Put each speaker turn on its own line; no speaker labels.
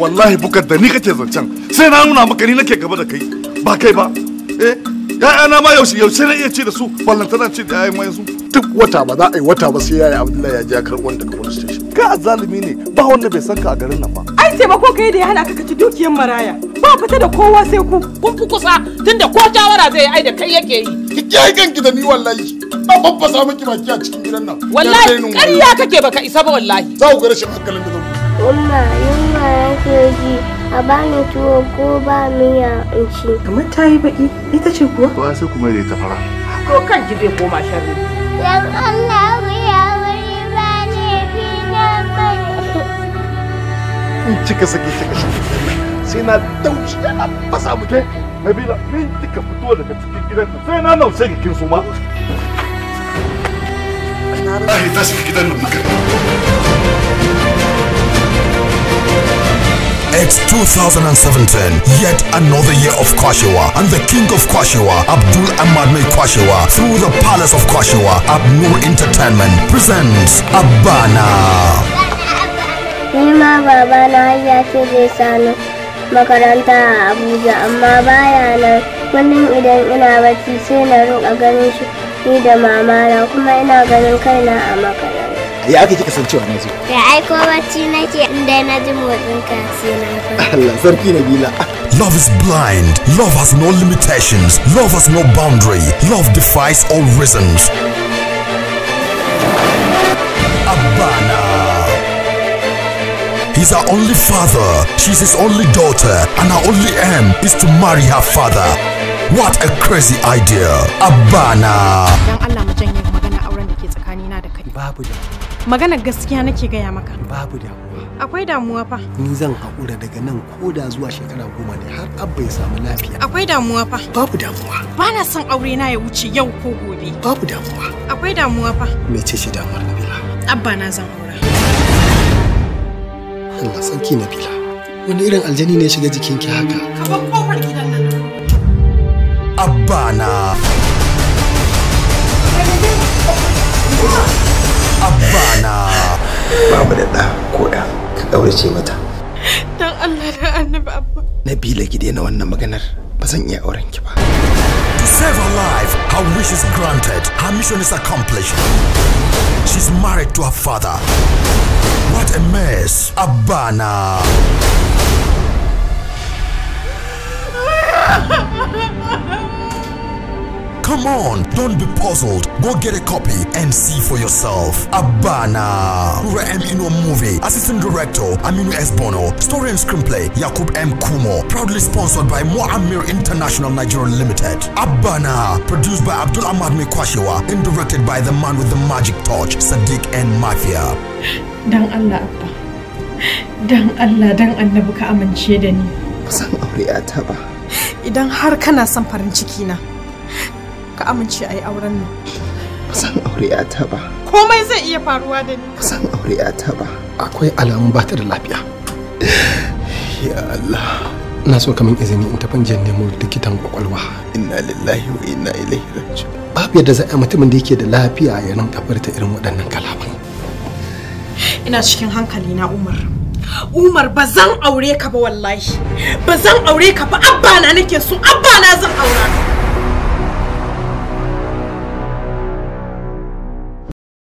wallahi bukar da ni kake zancen sai na nuna maka ni nake gaba da kai ba kai ba eh ya'yana ma yaushe yaushe na iya ce da su ballantana ce da yayin su duk wata ba za a yi wata ba sai yayi abdullahi ya je ya karɓi daga wani station kai azalimi ne ba wanda bai san ka a garin nan ba ai taimako kai da ya hana ka kaci dukiyar maraya ba fita da kowa sai ku kun fi kusa tunda ko jawara zai ai da kai yake yi ki kiyaye ki da ni wallahi na babba samu ki baki a cikin gidan nan wallahi ƙarya kake baka isa ba wallahi za ku ga rashin hankalin da umma yunwa yake ji a bani tuwo ko ba miya in ci kamar ta yi baki ita ce kuwa ba sai kuma da ta fara ko kan ji bai koma sharri dan Allah ku ya wuri ba ne fi na mai cika saki cika sharri sai na dauce na fasa muke nabila ni kika fito daga cikin gidanka sai na naushe gikin su ma na tashi gidan nan muka It's 2017, yet another year of kwashewa and the king of kwashewa Abdul Ahmadme kwashewa through the palace of kwashewa Abnur Entertainment, presents Abana. Nima babana ya ce zai sani makaranta a Abuja amma baya nan kullum idan ina bacci sai na roƙa ganin shi ni da mama na kuma ina ganin kaina a makaranta. ya aka kika san cewa na zo Da ai ko bacci nake inda na ji motsin ka sai na Allah sarki na Love is blind. Love has no limitations. Love has no boundary. Love defies all reasons. Abana. He's our only father. She's his only daughter. And our only aim is to marry her father. What a crazy idea. Abana. Dan Allah mu janye magana auren da ke tsakanina da kai. Babu magana gaskiya nake gaya maka babu damuwa
akwai damuwa fa
ni zan haƙura daga nan ko da zuwa shekara goma ne har abba ya samu lafiya akwai damuwa fa babu damuwa ba na son aure na ya wuce yau ko gobe babu damuwa akwai damuwa fa me ce damuwar nabila abba na zan aura Allah sarki nabila wani irin aljani ne shiga jikinki haka ka bar kofar gidan nan abba na Oh! abana babu da ɗa ko ɗa ka ƙaurace mata dan Allah da annabi abba la ki na wannan maganar ba zan iya auren ki ba to save her life her wish is granted her mission is accomplished she's married to her father what a mess abana Come on, don't be puzzled. Go get a copy and see for yourself. Abana. Rura M. Inuo Movie. Assistant Director, Aminu S. Bono. Story and Screenplay, Yakub M. Kumo. Proudly sponsored by Mo Amir International Nigeria Limited. Abana. Produced by Abdul Ahmad Mekwashiwa and directed by the man with the magic torch, Sadiq N. Mafia. Dang Allah, Abba. Dang Allah, dang annabi buka amince da ni. Ba san Idang ta ba. har kana son farin ciki ka amince a yi auren nan. Ba san aure ta ba. Komai zai iya faruwa da ni. Ba san aure ta ba. Akwai alamun ba ta da lafiya. Ya Allah. Na so kamin izini in tafi jan nemo likitan kwakwalwa. Inna lillahi wa inna ilaihi raji. Babu yadda za a mutumin da yake da lafiya ya kafar ta irin waɗannan kalaman. Ina cikin hankali na Umar. Umar ba zan aure ka ba wallahi. Ba zan aure ka ba abba na nake so abba na zan aura.